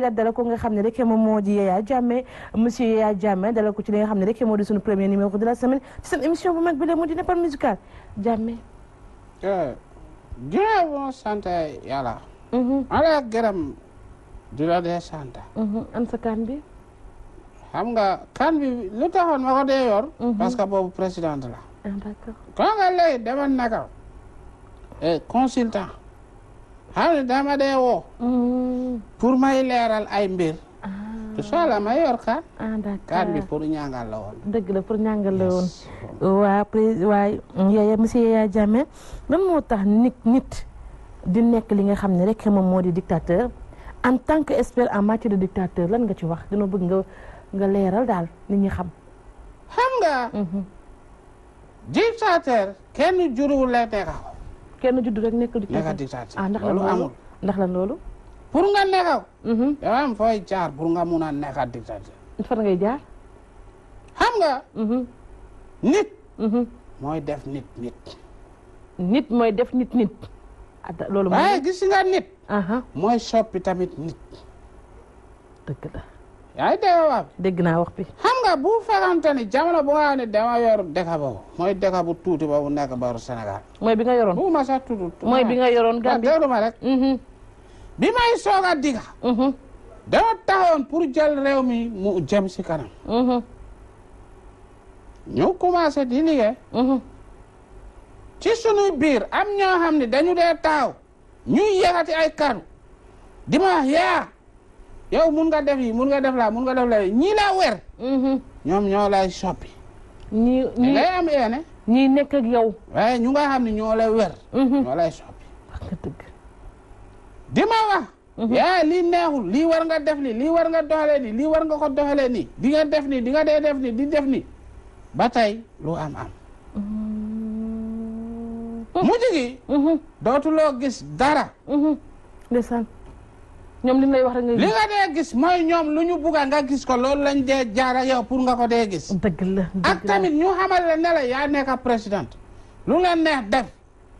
koy daal dala ko nga xam ne rek moom moo di Yaya Jammeh monsieur Yaya Jammeh dala ko ci li xam ne rek moo di suñu premier numéro de la semaine ci seen émission bu mag bi la mu di Nepal musical Jammeh eh, jërëjëf bon sant yàlla mm-hmm. ala gërëm di la dee sant am mm-hmm. bi xam nga kan bi lu taxoon ma ko dee yor mm-hmm. parce que boobu présidente la ah, d'accord kon nga léegi demal naka eh, consultant xam ne dama dee woo. Mm. pour may leeral ay mbir. soxla ma yor kaat. ah d'accord pour ñàngal la woon. la pour ñàngal la woon. waa président waay Yaya monsieur Yaya lan moo tax nit nit di nekk li nga xam ne rek moom moo di dictateur en tant que expert en matière de dictateur lan nga ci wax dina bëgg nga nga leeral daal nit ñi xam. xam nga. Mm-hmm. dictateur kenn juruwul lay tegaw. kenn judd rek nekk dictateur ah ndax lan loolu ndax lan loolu pour nga nekkaw dafa mhm. am fooy jaar pour nga mun a nekkaat dictateur fan ngay jaar xam nga mhm. nit mhm. mooy def nit nit nit mooy def nit nit ah, loolu waaye gis nga nit mooy soppi tamit nit dëgg la yaa ngi dégg wax bi dégg naa wax bi xam nga bu fekkante ni jamono bu nga xam ne dama yor dëkk mooy dëkk bu tuuti boobu nekk booru Sénégal mooy bi nga yoroon bu ma sax tudd mooy bi nga yoroon Gambie déglu ma rek mm-hmm. bi may a mm-hmm. si kanam mm-hmm. ñu commencé di liggéey ci sunuy biir am ñoo xam ne dañu dee taaw ñuy yëkkati ay kàddu di ma wax yow mun nga def yi mun nga def laa mun nga def laa ñii laa weer. Mhm. ñoom ñoo lay soppi. ñii ñii am yéene. ñii nekk ak waaye ñu nga xam ne ñoo lay weer. Mhm. ñoo lay soppi. di ma wax. Mhm. yaa lii neexul lii war nga def li lii war nga doxalee nii lii war nga ko doxalee nii di nga def nii di nga dee def nii ba tey lu am am. mujj gi. dootuloo gis dara. ndeysaan. ñoom li lay wax rek ngay. li nga dee gis mooy ñoom lu ñu bugga nga gis ko loolu lañ dee jaar ak yow pour nga ko dee gis. dëgg la ak tamit ñu xamal la ne la yaa nekk ak président lu la def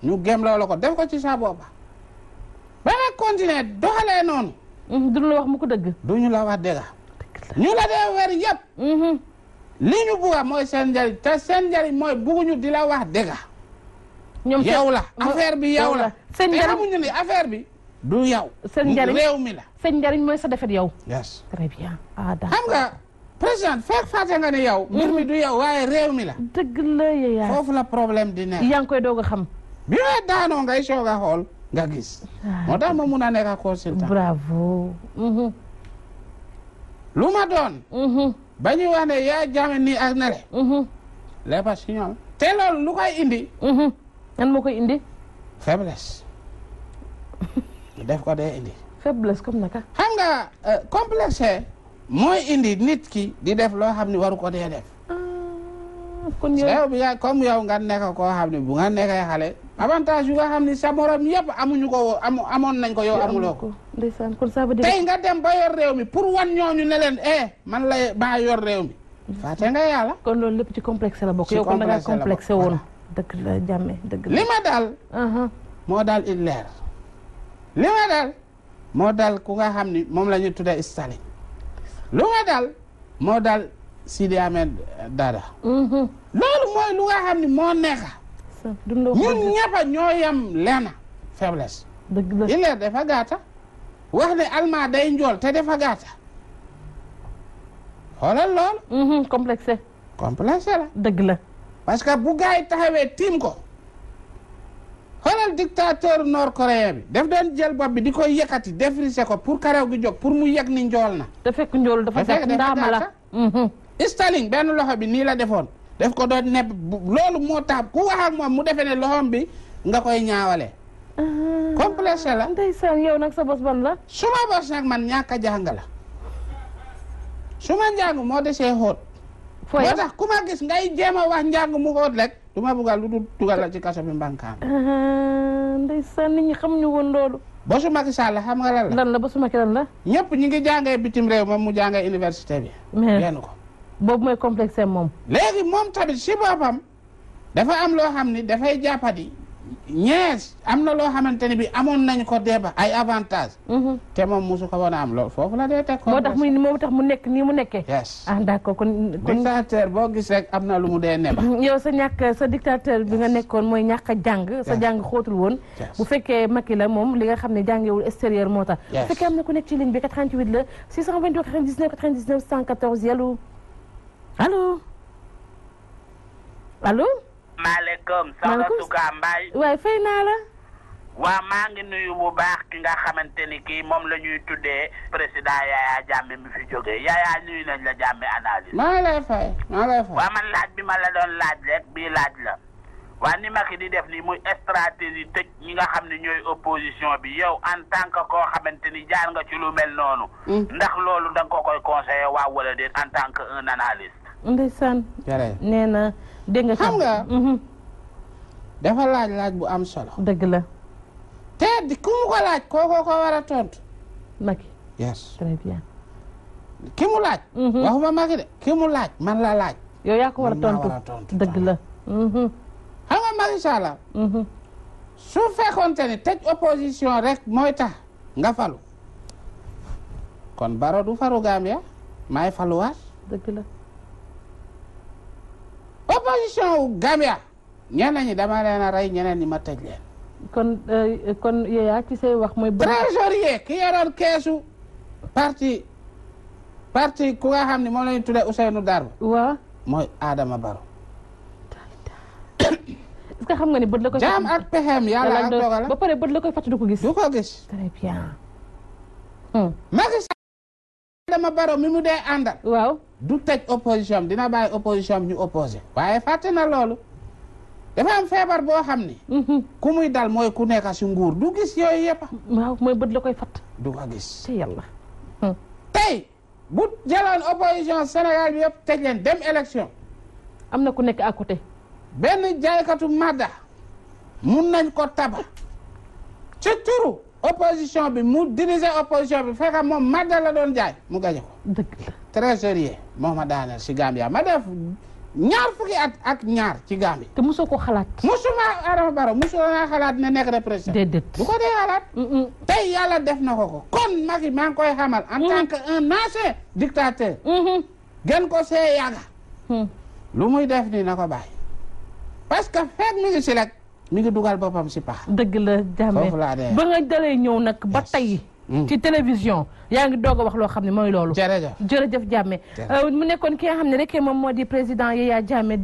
ñu gém la ko def ko ci sa booba ba nga continuer doxalee noonu. Mm-hmm, duñu la wax mu ko dëgg. duñu la wax dëgg. ñu la dee weer yëpp. Mm-hmm. li ñu bugga mooy seen njariñ te seen njariñ mooy bugguñu di la wax dëgg. ñoom yow la affaire bi yow la. seen njariñ te ni affaire bi. du yow. seen njariñ mi la. seen njariñ mooy sa defet yow. yes très bien ah d'accord xam nga président fekk fàtte nga ne yow. mbir mi du yow waaye réew mi la. dëgg la yaay foofu yaa ngi koy doog xam. bi nga daanoo ngay soog a xool nga gis. Ah. moo tax ma mun a nekk consultant. bravo. Mhm. lu ma doon. Mhm. ba wax ne yaa jaame nii ak nere. lépp si ñoom. te lu koy indi. Mhm. nan moo koy indi. def ko dee indi. faiblesse comme naka. xam nga euh, complexe mooy indi nit ki di def loo xam ne waru ko dee def. Ah, kon yow bi comme yow nga nekk koo xam bu nga nekkee xale. avantage yu nga xam ne sa morom yëpp amuñu ko woo am amoon nañ ko yow amuloo ko. ndeysaan kon ça veut tey nga dem ba yor réew mi pour wan ñooñu ne leen eh, man la ba yor réew mi. fàtte nga yàlla. kon loolu lépp ci complexe la bokk. yow kon da nga complexe woon. dëgg la jàmme dëgg la li ma daal. moo daal il leer. li ma dal moo dal ku nga xam ni moom la ñu tuddee Staline lu ma dal moo dal Sidi Ahmed Dada. Mhm. loolu mooy lu nga xam ni moo nekka ñun ñëppa ñoo yem leena faiblesse Hitler dafa gàtta wax ne almaa day njool te dafa gàtta xoolal loolu mhm, complexe complexe la dëgg la parce que bu gars yi taxawee tiim ko xoolal dictateur nord-coréen bi daf doon jël bopp bi di koy yëkkati défrisé ko pour karew gi jóg pour mu yëg ni njool na. da fekk njool dafa gàtt ndaama la ah. mhm. Staline loxo bi nii la defoon. daf ko doon nepp loolu moo tax mu defee loxoom bi nga koy ñaawale. Ah. complexe la. ndeysaan yow nag sa bos la. su ma bos nag man ñàkk a jàng la. su ma njàng moo desee xóot. fooy tax ku ma gis ngay jéem a wax njàng mu xóot rek. du ma buggaal lu dul dugal la ci kaso bi mbankaam. ndeysaan nit ñi xam ñu woon loolu. bosu Macky Sall xam nga lan la. la bosu Macky lan la. ñëpp ñi ngi jàngee bitim réew moom mu jàngee université bi. mais ko boobu mooy complexe moom. léegi moom tamit si boppam dafa am loo xam ni dafay jàppadi. ñees am na loo xamante ne bi amoon nañ ko débat ay avantage mhm. te moom mosu ko a am loolu foofu la dee teg moo tax muy moo tax mu nekk nii mu nekkee yes ah d'accord kon dictateur boo gis rek am na lu mu dee neba yow sa ñàkk sa dictateur bi nga nekkoon mooy ñàkk a jàng sa jàng xóotul woon bu fekkee Macky la moom li nga xam ne jàngewul extérieur moo tax bu fekkee am na ku nekk ci ligne bi 88 la 628 99 99 114 yàllu allo allo maaleykum soxna Touka Mbaye waaye fay naa la waaw maa ngi nuyu bu baax ki nga xamante ni kii moom la ñuy tuddee président Yaya Jammeh mi fi jógee Yaya nuyu nañ la Jammeh analyse maa lay fay maa lay man laaj bi man la doon laaj rek bii laaj la waa ni Macky di def nii muy stratégie tëj ñi nga xam ne ñooy opposition bi yow en tant que koo xamante ni jaar nga ci lu mel noonu hmm. ndax loolu da nga ko koy conseiller waaw wala de en tant que un dégg nga xam nga. Mm-hmm. dafa laaj laaj bu am solo. dëgg la. te di ku mu ko laaj kookoo ko war a tontu. Macky. ki mu laaj. Mm-hmm. waxuma Macky de ki mu laaj man la laaj. yooy yaa ko war a tontu dëgg la. Mm-hmm. xam nga Macky Sall. su fekkonte ne tëj opposition rek mooy tax nga falu kon baro du faru Gambia maay faluwaat. dëgg la. opposition wu Gambia ñeneen ñi dama leen a rey ñeneen ñi ma tëj leen. kon euh, kon yaa ci say wax mooy. trésorier ki yoroon keesu parti parti ku nga xam ne moom la ñu tuddee Ousseynou Darba. waaw mooy Adama Barrow. est-ce xam nga ni bët la koy. jaam ak pexeem yàlla ak dogal ba pare bët la koy fàttali du ko gis. du ko gis. très bien. Macky Sall Adama Barrow mi mu dee àndal. waaw. du tëj opposition bi dina bàyyi opposition bi ñu opposé waaye fàtte na loolu dafa am feebar boo xam ni. Mhm. ku muy dal mooy ku nekk si nguur du gis yooyu yëpp. mooy bët la koy fatt. du ko gis. Hmm. tey bu jëloon opposition Sénégal bi yëpp tëj leen dem élection. am na ku nekk à côté. benn jaaykatu madda mun nañ ko taba ci turu opposition bi mu diriger opposition bi fekk moom madda la doon jaay mu gañe ko. trésorier moo ma daaneel si Gambia ma def ñaar fukki at ak ñaar ci Gambie. te mosoo ko xalaat. mosuma Adama Barrow mosoo naa xalaat ne nekk na président. déedéet bu ko dee xalaat. tey yàlla def na ko ko kon Macky maa ngi koy xamal. en mm. tant que un ancien dictateur. Mm-hmm. gën ko see yàgga. Mm. lu muy def nii na ko bàyyi. parce que fekk mi ngi si rek mi ngi dugal boppam si pax. dëgg la Jammeh foofu laa dee ba nga dalee ñëw nag ba tey. Mm. ci télévision yaa ngi doog a wax loo xam ne mooy loolu jërëjëf jàmme euh, mu nekkoon ki nga xam ne rek moom moo di président Yaya Jammeh